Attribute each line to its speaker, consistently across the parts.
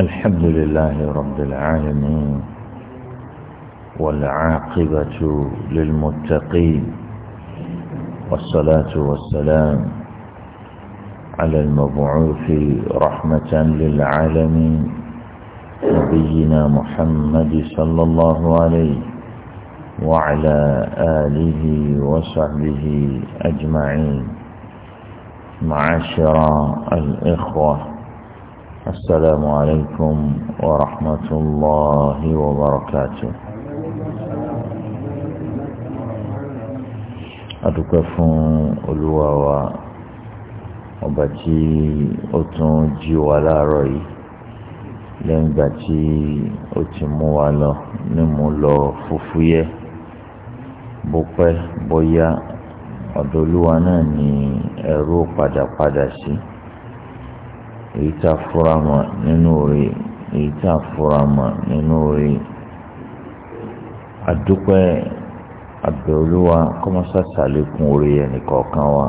Speaker 1: الحمد لله رب العالمين والعاقبة للمتقين والصلاة والسلام على المبعوث رحمة للعالمين نبينا محمد صلى الله عليه وعلى آله وصحبه أجمعين معاشر الإخوة السلام عليكم ورحمة الله وبركاته adúpẹ́ fún olúwa wa ọba tí ó tún jí wa láàárọ̀ yìí lẹ́yìn ìgbà tí ó ti mú wa lọ ní mú lọ fúfú yẹ bó pẹ́ bóyá ọ̀dọ̀ olúwa náà ni ẹrú padà padà sí. Si èyí tá a fura mọ́ nínú rẹ̀ èyí tá a fura mọ́ nínú rẹ̀ àdúpẹ́ àbẹ̀olúwa kọ́mọ́sá sàlékún orí ẹnìkọ̀ọ̀kan wa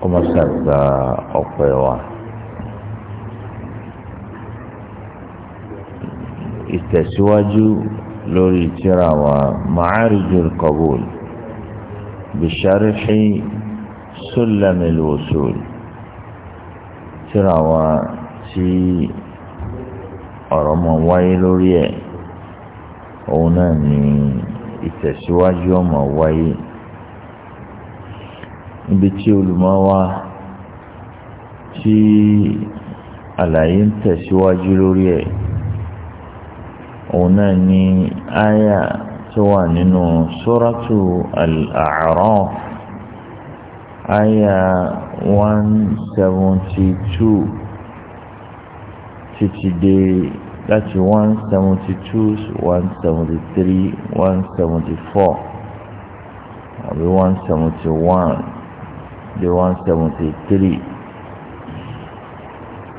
Speaker 1: kọ́mọ́sá gba ọpẹ́ wa. ìtẹ̀síwájú lórí tírà wa Ma'arijul Qabul bi sharhi Sulamil tíra wa tí ọ̀rọ̀ mọ̀ wáyé lórí ẹ̀ òun náà ni ìtẹ̀síwájú ọmọ wáyé níbi tí olùmọ̀ wa tí àlàyé ń tẹ̀síwájú lórí ẹ̀ òun náà ni àyà tó wà nínú sóràtù al aya one seventy two títí dé láti one seventy two one seventy three one seventy four àbí one seventy one dé one seventy three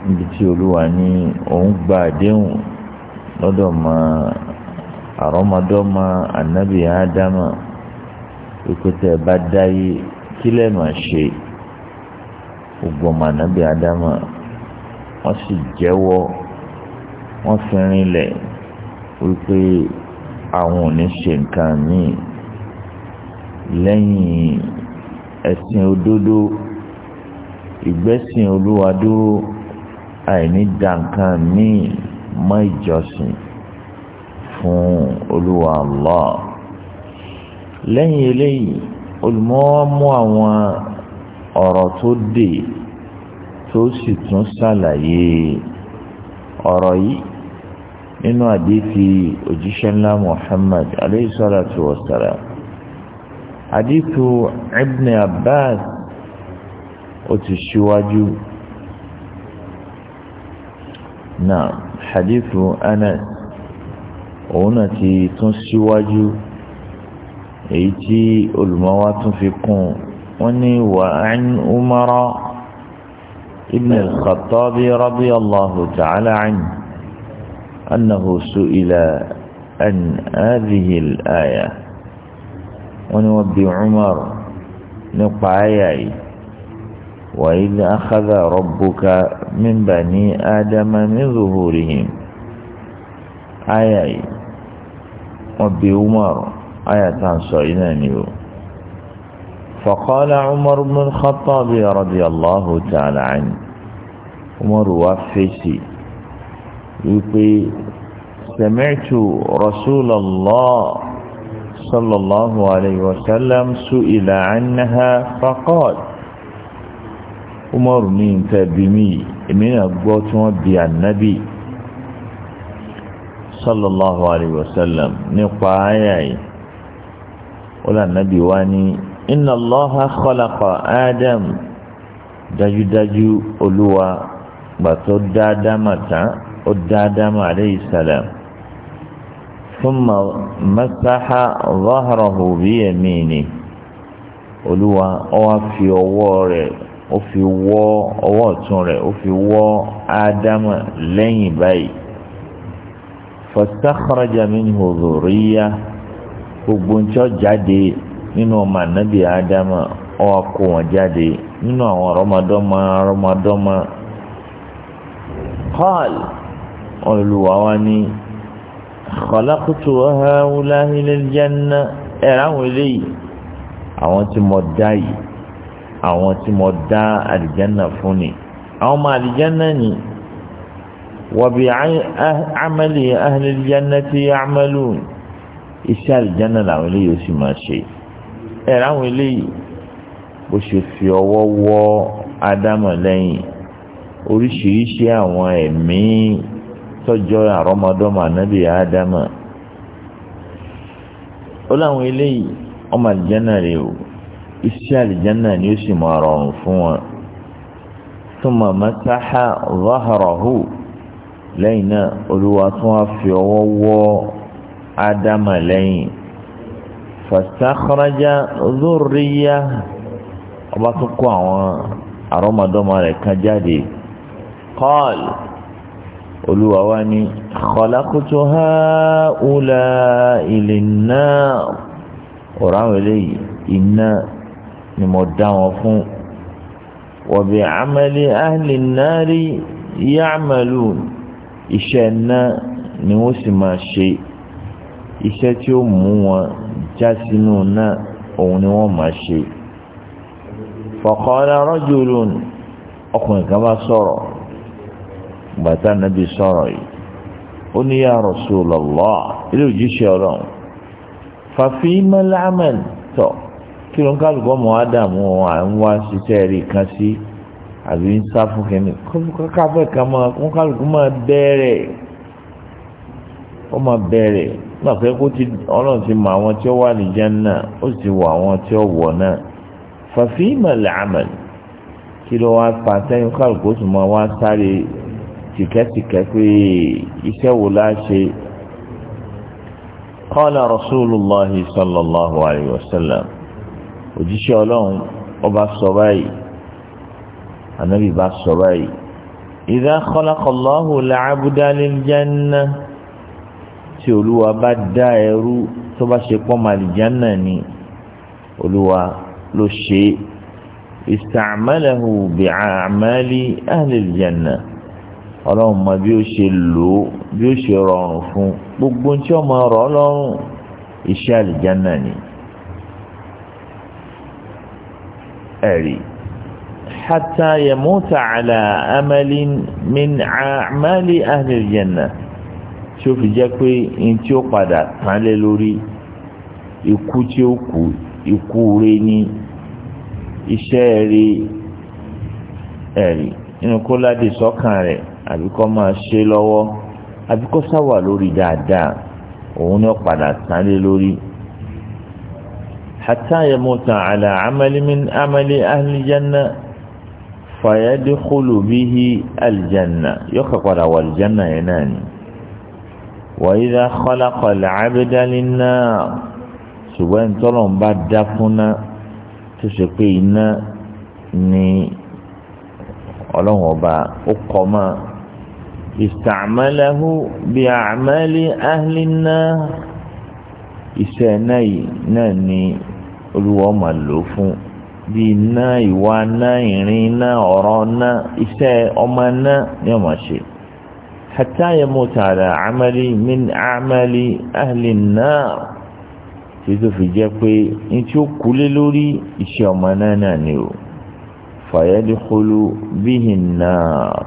Speaker 1: níbi tí olúwa ní òun gba àdéhùn lọ́dọ̀ ma àrọ́mọdọ́mọ ànábì ádámà ìkótẹ́ bá dáyé kí lẹ máa ṣe gbogbo ọmọ ànábì ádámà wọ́n sì jẹ́wọ́ wọ́n fi rinlẹ̀ wípé àwọn ò ní ṣe nǹkan míì lẹ́yìn ẹ̀sìn òdodo ìgbẹ́sìn olúwa àìní dá míì mọ́ ìjọsìn fún olúwa Allah lẹ́yìn eléyìí olùmọ́wá mú àwọn ọ̀rọ̀ tó dè tó sì tún ṣàlàyé ọ̀rọ̀ yìí nínú àdìsí òjíṣẹ́ ńlá Muhammad alayhi salatu wa salam àdìsí Ibn Abbas ó ti ṣíwájú náà àdìsí Anas òun náà ti tún ṣíwájú. Si ايتي المواط في قوم وني وعن عمر ابن الخطاب رضي الله تعالى عنه انه سئل عن هذه الايه ونوبي عمر نقعي وإذ أخذ ربك من بني آدم من ظهورهم آي آي وبي عمر آية تنصينا نيو فقال عمر بن الخطاب رضي الله تعالى عنه عمر وفيسي يقول سمعت رسول الله صلى الله عليه وسلم سئل عنها فقال عمر من تبمي من أبوتهم النبي صلى الله عليه وسلم نقايا wọ́n nàbí wa ní inna Allaha khalaqa Adam dájúdájú olúwa gbàtọ́ dáadáma tán ó dáadáma alayhi salam thumma masaha zahrahu biyamini olúwa ó wá fi ọwọ́ rẹ̀ ó fi wọ́ ọwọ́ ọ̀tún rẹ̀ ó fi wọ́ ádámà lẹ́yìn báyìì fastakhraja minhu dhurriyyah gbogbo ń tí ó jáde nínú ọmọ ànábì ádámà ọwọ́ kó wọn jáde nínú àwọn ọ̀rọ̀mọdọ́mọ ọ̀rọ̀mọdọ́mọ. paul olùwà wa ní khalaqtu haula'i lil janna ẹ̀rọ àwọn eléyìí àwọn tí mo dá yìí àwọn tí mo dá àlìjánà fún ni àwọn ọmọ àlìjánà ni wa bi amali ahli al jannati iṣẹ́ àlìjáná làwọn eléyìí ó sì máa ṣe ẹ̀ ráwọn eléyìí bó ṣe fi ọwọ́ wọ́ ádámọ̀ lẹ́yìn oríṣiríṣi àwọn ẹ̀mí tọ́jọ́ àrọ́mọdọ́mọ ànábì ádámọ̀ ó láwọn eléyìí ọmọ àlìjáná rè o iṣẹ́ àlìjáná ni ó sì máa rọrùn fún wọn thumma ha zahrahu lẹ́yìn náà olúwa fi ọwọ́ wọ́ ádámà lẹ́yìn fastakhraja dhurriya ọba tó kó àwọn àrọ́mọdọ́mọ rẹ̀ kan jáde qal olúwa wa ni khalaqtu haula'i linnar ọ̀rọ̀ àwọn eléyìí iná ni mo dá wọn fún wa bi'amali ahli nnari ya'malun iṣẹ́ náà ni wọ́n sì máa ṣe iṣẹ́ tí ó mú wọn já sínú náà òun ni wọ́n máa ṣe. faqala rajulun ọkùnrin kan bá sọ̀rọ̀ bàtà nàbí sọ̀rọ̀ yìí ó ní ya Rasulullah ilé òjíṣẹ́ ọlọ́run fàfihìmọ́ láàmán tọ̀ kí ló ń kálukọ́ mọ́ ádámù à ń wá ṣiṣẹ́ rí kan sí àbí ń sá fún kẹ́mi kó kálukọ́ máa bẹ̀rẹ̀ ó máa bẹ̀rẹ̀ nígbà pé kó ti ọlọ́run ti mọ àwọn tí ó wà ní Janna ó sì wọ àwọn tí ó wọ̀ náà fàfihàn làámàn kí ló wá pa sẹ́yìn kálukú sì máa wá sáré tìkẹ́tìkẹ́ pé iṣẹ́ wo la ṣe qala Rasulullahi sallallahu alayhi wa sallam òjíṣẹ́ ọlọ́run ọba sọ báyìí ànábì bá sọ báyìí idha khalaqa Allahu la'abda lil tí olúwa bá dá ẹrú tó bá ṣe pọ́n màlìjánà ni olúwa ló ṣe ista'malahu bi'amali ahlil janna ọlọ́run mọ bí ó ṣe lò ó bí ó ṣe rọrùn fún gbogbo tí ọmọ rọ̀ lọ́rùn iṣẹ́ àlìjánà ni. ẹ̀rí hatta yamuta ala amalin min a'mali ahlil tí ó fi jẹ́ pé n tí ó padà tán lé lórí ikú tí ó kú ikú rẹ̀ ní iṣẹ́ rí ẹ̀rí nínú kó ládì sọ́kàn rẹ̀ àbí kó máa ṣe lọ́wọ́ àbí kó sáwà lórí dáadáa òun ni ó padà tán lé lórí. حتى يموت على عمل من عمل أهل الجنة فيدخل به الجنة يخرج ولو يناني وإذا خلق العبد للنار ṣùgbọ́n tọ́lọ̀ ń bá dá fúnná tó ṣe pé iná ni ọlọ́run ọba ó kọ́ mọ́ ìsàmẹ́lẹ́hù bíi àmẹ́lẹ́ ahlínà iṣẹ́ náà yìí náà ni olúwa ọmọ lò fún bíi iná ìwà náà ìrìn náà ọ̀rọ̀ náà iṣẹ́ ọmọ náà ni ọmọ ṣe. حتى يموت على عملي من أعمال أهل النار تيتو في جابي انتو كل لوري اشيومانا نانيو فيدخل به النار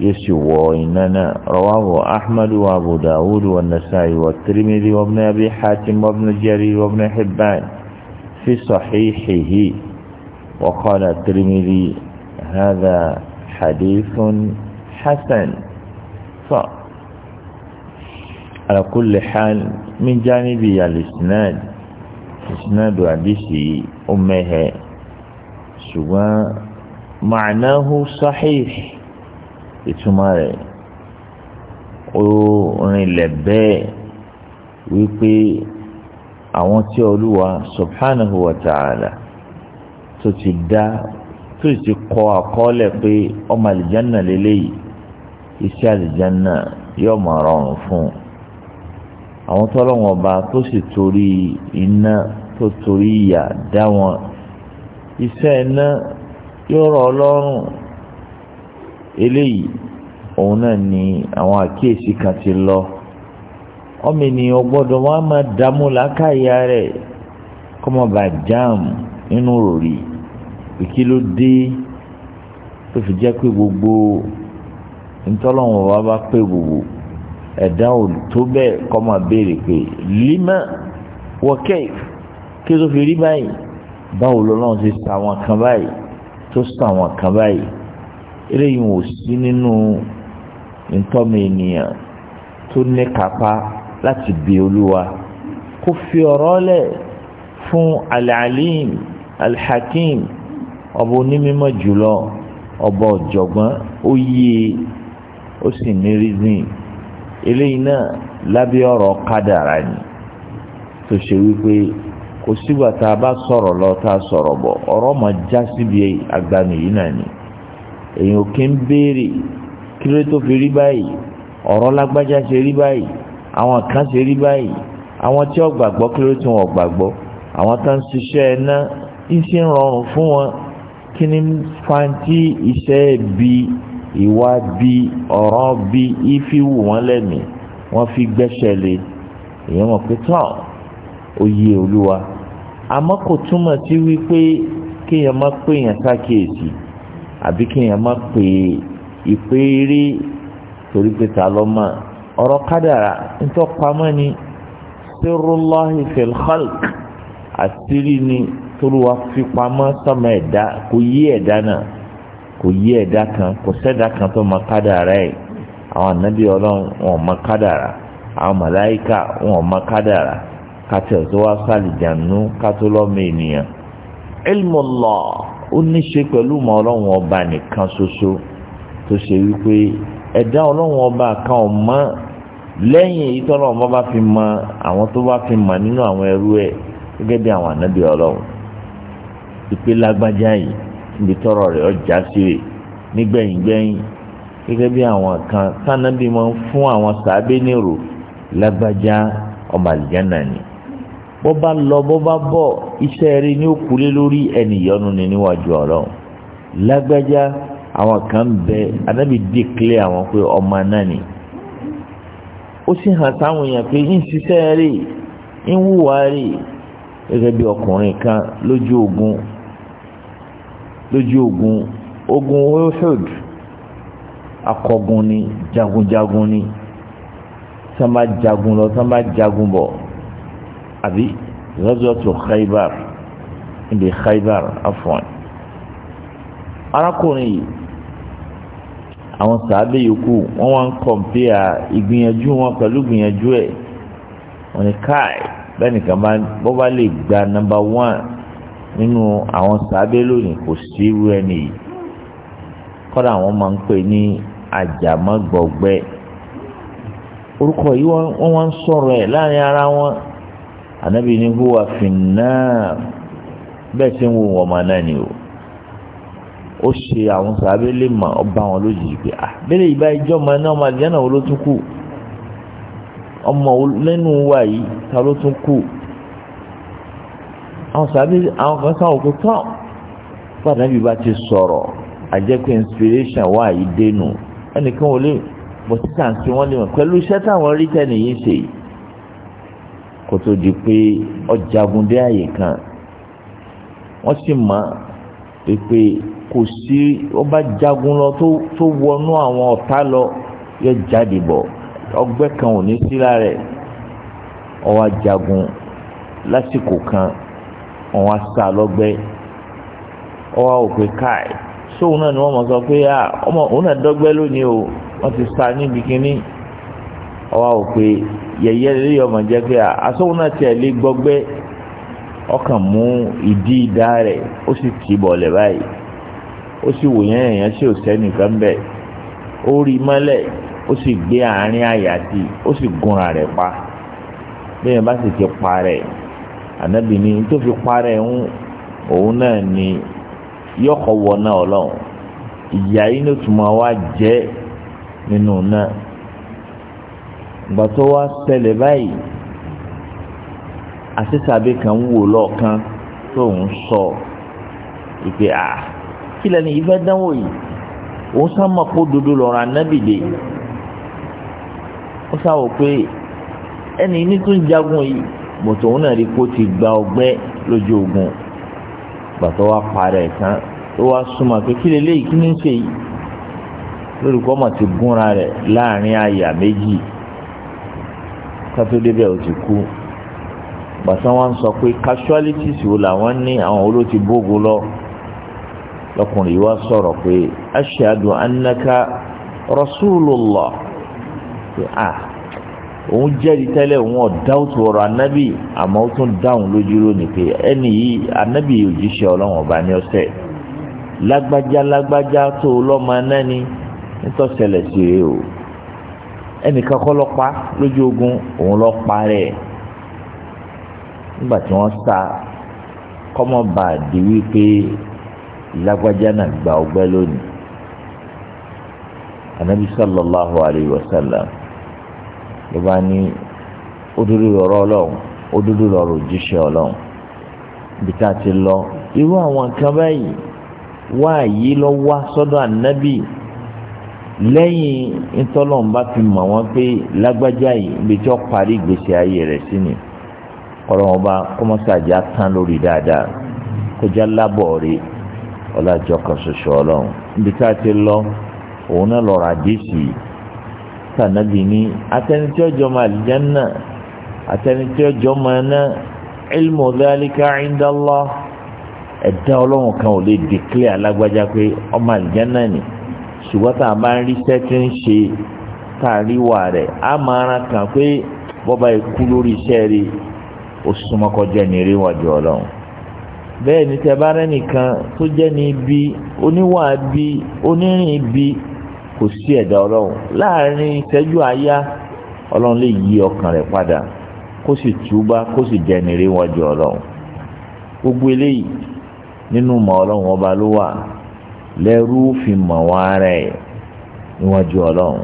Speaker 1: يسوى إننا رواه أحمد وأبو داود والنسائي والترمذي وابن أبي حاتم وابن جرير وابن حبان في صحيحه وقال الترمذي هذا حديث حسن fa ala kulli hal min janibi al-isnad isnad hadisi ummehe ṣùgbọ́n ma'nahu sahih ìtumọ̀ rẹ̀ ó rinlẹ̀ bẹ́ẹ̀ wípé àwọn tí olúwa subhanahu wa ta'ala tó ti dá tó ti kọ àkọọ́lẹ̀ pé ọmọ àlìjánà lélẹ́yìí iṣẹ́ àlìjáná yóò máa rọrùn fún un àwọn tọ́lọ́wọ́n ọba tó sì torí iná tó torí ìyà dá wọn iṣẹ́ iná yóò rọ̀ ọlọ́rùn eléyìí òun náà ni àwọn àkíyèsí kan ti lọ ọmọ ènìyàn gbọ́dọ̀ wọn á máa dààmú làákàyà rẹ̀ kó má bàa jáàmù nínú ròrí kí tó fi jẹ́ pé gbogbo ntọ́lọ́wọ́n wa bá pé gbogbo ẹ̀dá ò tó bẹ́ẹ̀ kọ́ máa béèrè lima wọ́kẹ́ kí ló fi rí báyìí báwo lọ́lọ́run ti sa àwọn kan báyìí tó sa àwọn kan báyìí eléyìí wò sí nínú ntọ́mọ ènìyàn tó ní kápá láti bí olúwa kó fi ọ̀rọ̀ lẹ̀ fún alalim alhakim ọba onímọ̀ jùlọ ọba ọ̀jọ̀gbọ́n ó yé e ó sì ní reason eléyìí náà lábẹ́ ọ̀rọ̀ kádàrá ni tó ṣe wípé kò sígbà tá a bá sọ̀rọ̀ lọ tá a sọ̀rọ̀ bọ̀ ọ̀rọ̀ mà já síbi agbami yìí náà ni èèyàn kì í béèrè kí ló tó fi rí báyìí ọ̀rọ̀ lágbájá ṣe rí báyìí àwọn kan ṣe rí báyìí àwọn tí wọ́n gbàgbọ́ kí ló tí wọ́n gbàgbọ́ àwọn tó ń ṣiṣẹ́ iná iṣẹ́ ń rọrùn fún wọn kí ni fa iṣẹ́ bíi ìwà bí ọ̀rọ̀ bí ifi wù wọ́n lẹ́mí wọ́n fi gbẹ́sẹ̀ lé èèyàn mọ̀ pé tán oyè olúwa àmọ́ kò túmọ̀ sí wípé kéèyàn má pé èèyàn sákèèsì àbí kéèyàn má pé ìpéèrè torí pé ta ló mọ̀ ọ̀rọ̀ kádàrà ńtọ́ pamọ́ ni sirrullahi fil khalq àṣírí ni tó fi pamọ́ sọ́mọ ẹ̀dá kò yí ẹ̀dá náà kò yí ẹ̀dá kan kò sẹ́dá kan tó mọ kádàrá ẹ̀ àwọn ànábì ọlọ́run wọn mọ kádàrá àwọn màláìkà wọn mọ kádàrá kàtẹ́ tó wá sàlìjànú kátó lọ́mọ ènìyàn. ilmullah ó ní ṣe pẹ̀lú mọ ọlọ́run ọba nìkan ṣoṣo tó ṣe wípé ẹ̀dá ọlọ́run ọba kan ò mọ lẹ́yìn èyí tọ́lọ́ ọba bá fi mọ àwọn tó bá fi mọ nínú àwọn ẹrú ẹ̀ gẹ́gẹ́ bí àwọn ànábì ọlọ́run ìpè lágbájá yìí níbi tọrọ rẹ̀ ọjà sí rè nígbẹ̀yìngbẹ̀yìn gẹ́gẹ́ bí àwọn kan tánàbí máa ń fún àwọn sàábé nírò lágbájá ọmọ àlìjánà ni bó bá lọ bó bá bọ̀ iṣẹ́ rí ní òkúlé lórí ẹnìyọnu ni níwájú ọlọ́run lágbájá àwọn kan bẹ anábì dìklé àwọn pé ọmọ náà ni ó sì hàn sáwọn èèyàn pé ń ṣiṣẹ́ rí ń wùwá rí gẹ́gẹ́ bí ọkùnrin kan lójú ogun lójú ogun ogun wilfred akọgun ni jagunjagun ni sábà jagun lọ sábà jagun bọ̀ àbí rẹ́sọ̀tù khaybar ibi khaybar afọ́n arákùnrin yìí àwọn sàábé yòókù wọn wá ń kọ̀m̀pìà ìgbìyànjú wọn pẹ̀lú ìgbìyànjú ẹ̀ wọn ni káì bẹ́ẹ̀ nìkan bó bá lè gba nọ́mbà one nínú àwọn sábẹ́ lónìí kò sí irú ẹni yìí kọ́dà àwọn máa ń pè ní àjàmọ́gbọ̀gbẹ́ orúkọ yìí wọ́n wá sọ̀rọ̀ ẹ̀ láàrin ara wọn ànábì ní húwa fìnnà bẹ́ẹ̀ tí ń wo wọn máa náà ni o ó ṣe àwọn sábẹ́ lè mọ̀ ọba wọn lójijì pé à ah, bẹ́ẹ̀ ìbá ìjọ máa náà máa jẹ́ náà ló tún kù ọmọ lẹ́nu wa yìí ta ló tún kù àwọn sàbí àwọn kan sáwọn òkú tán fàdà bí bá ti sọ̀rọ̀ àjẹpẹ́ inspiration wà yìí dénú ẹnìkan ò lè bọ̀ títà ń sin wọ́n lè mọ̀ pẹ̀lú iṣẹ́ táwọn rí tẹ́nì yìí ṣe kó tó di pé ọjàgun dé àyè kan wọ́n sì mọ̀ pé kò sí ó bá jagun lọ tó wọnú àwọn ọ̀tá lọ yóò jáde bọ̀ ọgbẹ́ kan ò ní sí lára ẹ̀ ó jagun lásìkò kan wọn sá lọgbẹ ọwọ òpè káì sóun náà ni wọn mọ sọ ah, ọmọ òun náà dọgbẹ lónìí o wọn ti sá níbi kínní yẹyẹ lórí ọmọ jẹ pé asóun ah, náà tiẹ̀ lé gbọgbẹ ọkàn mú ìdí ìdá ó sì tì báyìí ó sì wò yẹn ó rí mọ́lẹ̀ ó sì gbé àárín àyà sí i ó sì rẹ̀ pa bá sì ti pa rẹ̀ ànábì ní tó fi parẹ́ ń òun náà ni yọkọ̀ wọ náà ọlọ́run ìyá yìí ló tún máa wá jẹ́ nínú náà ìgbà tó wá ṣẹlẹ̀ báyìí àṣìṣàbí kan wò lọ́ọ̀kan tó ń sọ ìpè à kí lẹ́nu yìí fẹ́ dánwò yìí òun sá mọ̀ kó dodo lọ́rọ̀ ànábì dé ó sá wò pé ẹni ní tún jagun yìí bọ̀tọ̀ òun náà rí kó ti gba ọgbẹ́ lójú ogun gbàtọ́ wa parẹ́ tán ó wá súnmọ́ pé kí leléyìí kí ní ń ṣe yìí lórúkọ mà ti gúnra rẹ̀ láàrin àyà méjì kátó débẹ̀ ò ti kú gbàtọ́ wa ń sọ pé casualties wo làwọn ní àwọn olóò ti bógo lọ lọkùnrin yìí wá sọ̀rọ̀ pé ashhadu annaka rasulullah pé ah òun jẹ́rìí tẹ́lẹ̀ òun ọ̀dá òtò ọ̀rọ̀ anábì àmọ́ ó tún dáhùn lójú lónìí pé ẹni yìí anábì òjíṣẹ́ ọlọ́run ọba ní ọ̀sẹ̀ lágbájá lágbájá tó lọ́mọ náà ni nítòsẹ̀lẹ̀ sí rè o ẹnìkan kọ́ lọ pa lójú ogun òun lọ rẹ̀ nígbà tí wọ́n sá kọ́mọ bá wípé lágbájá náà gba ọgbẹ́ lónìí anábì sallallahu alayhi wa ló bá ní òdodo lọ̀rọ̀ ọlọ́run òdodo lọ̀rọ̀ òjíṣẹ́ ọlọ́run bí tá a ti lọ irú àwọn kan báyìí wá yí lọ wá sọ́dọ̀ ànábì lẹ́yìn ntọ́lọ́run bá fi mọ̀ wọ́n pé lágbájá yìí ibi tí wọ́n parí ìgbésí ayé rẹ̀ sí ni ọlọ́run ọba kọ́mọ́sàjà tán lórí dáadáa kọjá lábọ̀ rí ọlájọ́ kan ṣoṣo ọlọ́run ibi tá a ti lọ òun náà lọ́ọ́ rà dé sí i sànàbì ní atẹni tí ọjọ́ máa àlìjánná atẹni tí ọjọ́ máa ná ilmu dhalika inda Allah ẹ̀dá ọlọ́run kan ò lè dèklẹ́ alágbájá pé ọmọ àlìjánná ni ṣùgbọ́n tá a máa ń rí sẹ́tí ń ṣe tàríwá rẹ̀ a máa ran kan pé bọ́ba ikú lórí iṣẹ́ rí ó súnmọ́ kọjá ní eré wájú ọlọ́run bẹ́ẹ̀ ni tẹ́ bá rẹ́nìkan tó jẹ́ ní ibi oníwà kò sí ẹ̀dá ọlọ́run láàrin ìtẹ́jú àáyá ọlọ́run lè yí ọkàn rẹ̀ padà kó sì túbá kó sì dẹni rí wọ́n jọ ọlọ́run gbogbo eléyìí nínú mọ̀ ọlọ́run ọba ló wà lẹ́rú fi mọ̀ wọ́n ara ẹ̀ níwájú ọlọ́run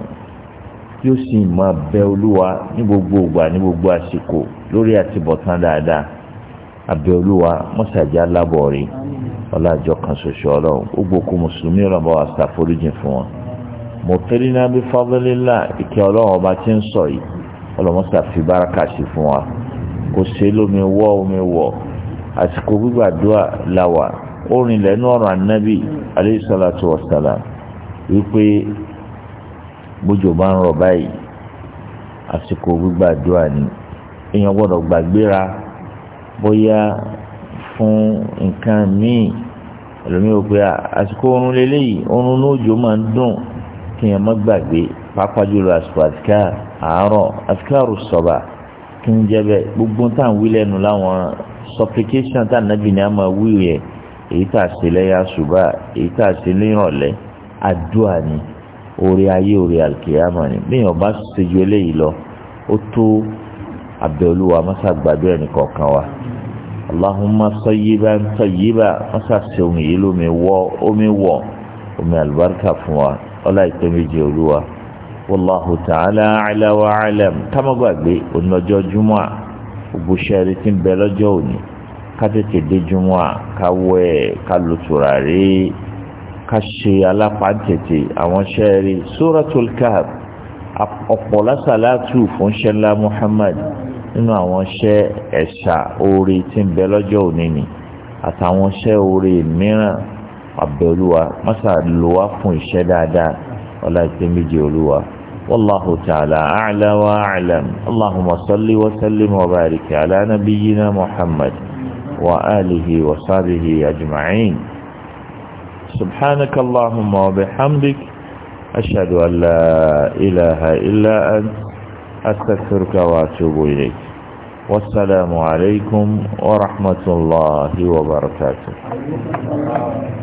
Speaker 1: yóò sì máa bẹ olúwa ní gbogbo ìgbà ní gbogbo àsìkò lórí àtibọ̀tán dáadáa abẹ olúwa mọ́sàájá lábọ̀ rí ọlá àjọ kan ṣoṣo ọlọ́run gbogbo kó mùsùlùmí ọlọ́run bá wa ṣàforíjì fún wọn mọ̀tẹ́rínà bí fọ́dúnlélà ìkẹ́ ọlọ́run ọba ti ń sọ yìí ọlọ́mọ́sà fi báraka sí fún wa kò ṣe lómi wọ́ omi wọ̀ àsìkò gbígbàdúrà làwà orin lẹ́nu ọ̀rọ̀ ànábì alayhi salatu wassalam wípé bójò bá ń rọ̀ báyìí àsìkò gbígbàdúrà ni èèyàn gbọ́dọ̀ gbàgbéra bóyá fún nǹkan míì ẹlòmíràn pé àsìkò oorun lélẹ́yìí oorun ní òjò máa ń dùn kéèyàn má gbàgbé pàápàá jùlọ àsìkò àsìkà àárọ̀ àsìkàrù sọ̀bà kí n jẹ́ bẹ́ẹ̀ gbogbo tá à ń wí lẹ́nu láwọn supplication tá ànábì ní a máa wí yẹ èyí tá a ṣe lẹ́yà ṣùgbà èyí tá a ṣe nírọ̀lẹ́ àdúrà ni orí ayé orí àlùkìyàmọ̀ ni bẹ́ẹ̀ ọba ṣèjú eléyìí lọ ó tó abẹ́olúwa mọ́sá gbàdúrà nìkan kan wa allahumma sayyiban sayyiba mọ́sá ṣe omi yìí lómi wọ́ omi wọ̀ omi àlùbáríkà fún wa ọlá ìpè méjì olúwa wàláhù tààlà àìlà wà àìlẹm kámọ́gbàgbé onílọ́jọ́ júmọ́ à gbogbo sẹ́ẹ̀rì tí ń bẹ lọ́jọ́ òní ká tètè dé júmọ́ à ká wẹ̀ ká lu tùràrí ká ṣe alápàǹtẹ̀tẹ̀ àwọn sẹ́ẹ̀rì suratul kahf ọ̀pọ̀ lásàlátù fún ṣẹlá muhammad nínú àwọn iṣẹ́ ẹ̀ṣà oore tí ń bẹ lọ́jọ́ òní ni àtàwọn iṣẹ́ oore mìíràn abẹ́ olúwa mọ́sá lùwá fún iṣẹ́ dáadáa ọlá ìpín méjì olúwa والله تعالى أعلى وأعلم اللهم صل وسلم وبارك على نبينا محمد وآله وصحبه أجمعين سبحانك اللهم وبحمدك أشهد أن لا إله إلا أنت أستغفرك وأتوب إليك والسلام عليكم ورحمة الله وبركاته